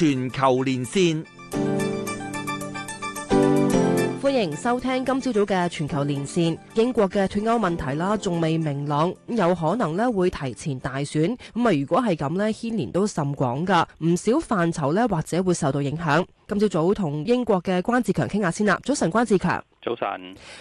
全球連線，歡迎收聽今朝早嘅全球連線。英國嘅脫歐問題啦，仲未明朗，有可能咧會提前大選。咁啊，如果係咁咧，牽連都甚廣噶，唔少範疇咧或者會受到影響。今朝早同英國嘅關志強傾下先啦。早晨，關志強。早晨。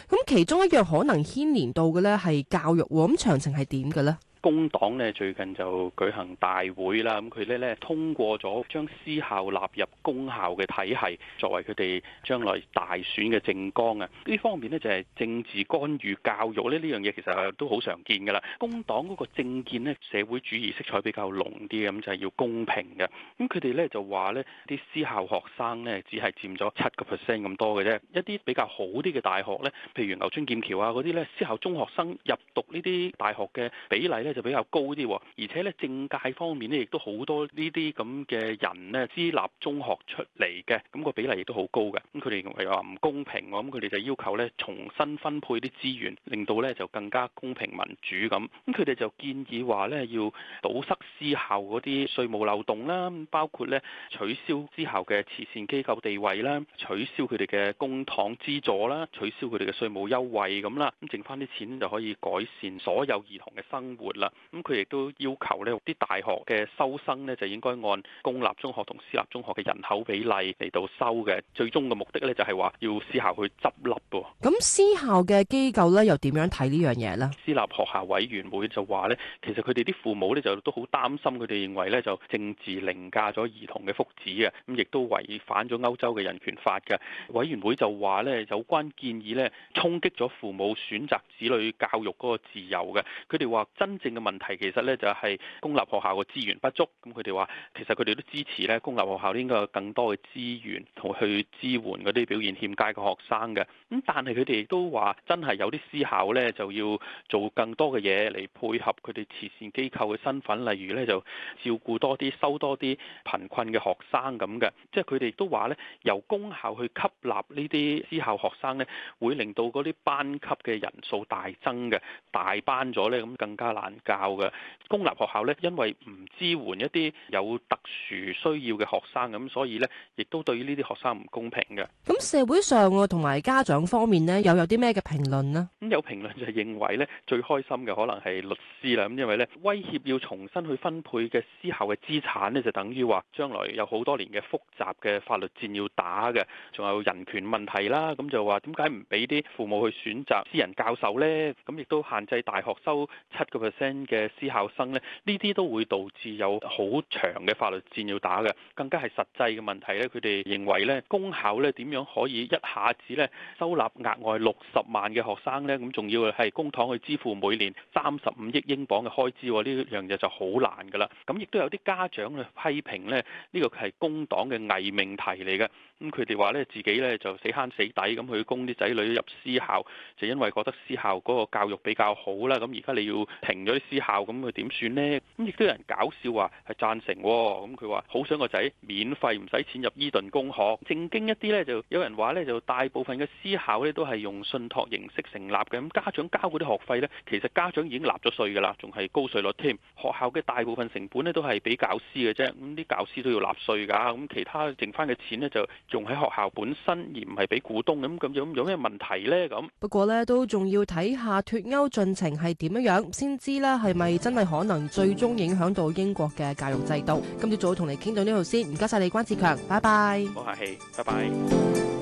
咁其中一樣可能牽連到嘅咧係教育，咁詳情係點嘅呢？工黨咧最近就舉行大會啦，咁佢咧咧通過咗將私校納入公校嘅體系，作為佢哋將來大選嘅政綱啊。呢方面呢，就係政治干預教育咧呢樣嘢，其實都好常見㗎啦。工黨嗰個政見咧，社會主義色彩比較濃啲咁，就係要公平嘅。咁佢哋咧就話呢啲私校學生呢，只係佔咗七個 percent 咁多嘅啫，一啲比較好啲嘅大學呢，譬如牛津劍橋啊嗰啲呢，私校中學生入讀呢啲大學嘅比例就比較高啲，而且咧政界方面咧亦都好多呢啲咁嘅人咧，私立中學出嚟嘅，咁個比例亦都好高嘅。咁佢哋又話唔公平，咁佢哋就要求咧重新分配啲資源，令到咧就更加公平民主咁。咁佢哋就建議話咧要堵塞私校嗰啲稅務漏洞啦，包括咧取消私校嘅慈善機構地位啦，取消佢哋嘅公帑資助啦，取消佢哋嘅稅務優惠咁啦，咁剩翻啲錢就可以改善所有兒童嘅生活。咁佢亦都要求呢啲大學嘅收生呢，就應該按公立中學同私立中學嘅人口比例嚟到收嘅，最終嘅目的呢，就係話要私校去執笠喎。咁私校嘅機構呢，又點樣睇呢樣嘢呢？私立學校委員會就話呢，其實佢哋啲父母呢，就都好擔心，佢哋認為呢，就政治凌駕咗兒童嘅福祉啊，咁亦都違反咗歐洲嘅人權法嘅。委員會就話呢，有關建議呢，衝擊咗父母選擇子女教育嗰個自由嘅，佢哋話真正嘅問題其實呢，就係公立學校嘅資源不足，咁佢哋話其實佢哋都支持呢公立學校應該有更多嘅資源同去支援嗰啲表現欠佳嘅學生嘅，咁但係佢哋亦都話真係有啲私校呢，就要做更多嘅嘢嚟配合佢哋慈善機構嘅身份，例如呢，就照顧多啲收多啲貧困嘅學生咁嘅，即係佢哋亦都話呢，由公校去吸納呢啲私校學生呢，會令到嗰啲班級嘅人數大增嘅，大班咗呢，咁更加難。教嘅公立學校呢，因為唔支援一啲有特殊需要嘅學生，咁所以呢亦都對於呢啲學生唔公平嘅。咁社會上啊，同埋家長方面呢，又有啲咩嘅評論呢？咁有評論就認為呢，最開心嘅可能係律師啦。咁因為呢，威脅要重新去分配嘅私校嘅資產呢，就等於話將來有好多年嘅複雜嘅法律戰要打嘅，仲有人權問題啦。咁就話點解唔俾啲父母去選擇私人教授呢？咁亦都限制大學收七個 percent。嘅私校生呢，呢啲都會導致有好長嘅法律戰要打嘅，更加係實際嘅問題呢，佢哋認為呢，公校呢點樣可以一下子呢收納額外六十萬嘅學生呢？咁仲要係工黨去支付每年三十五億英鎊嘅開支，呢、哦、樣嘢就好難噶啦。咁亦都有啲家長去批評呢，呢個係工黨嘅偽命題嚟嘅。咁佢哋話呢，自己呢就死慳死抵。咁去供啲仔女入私校，就因為覺得私校嗰個教育比較好啦。咁而家你要停咗私校，咁佢點算呢？咁亦都有人搞笑話係贊成，咁佢話好想個仔免費唔使錢入伊頓公學。正經一啲呢，就有人話呢，就大部分嘅私校呢，都係用信託形式成立嘅。咁家長交嗰啲學費呢，其實家長已經納咗稅噶啦，仲係高稅率添。學校嘅大部分成本呢，都係俾教師嘅啫，咁啲教師都要納稅㗎，咁其他剩翻嘅錢呢，就仲喺學校本身，而唔係俾股東咁。咁有有咩問題呢？咁不過呢，都仲要睇下脫歐進程係點樣先知咧。係咪真係可能最終影響到英國嘅教育制度？今朝早同你傾到呢度先，唔該晒你，關志強，拜拜。冇客氣，拜拜。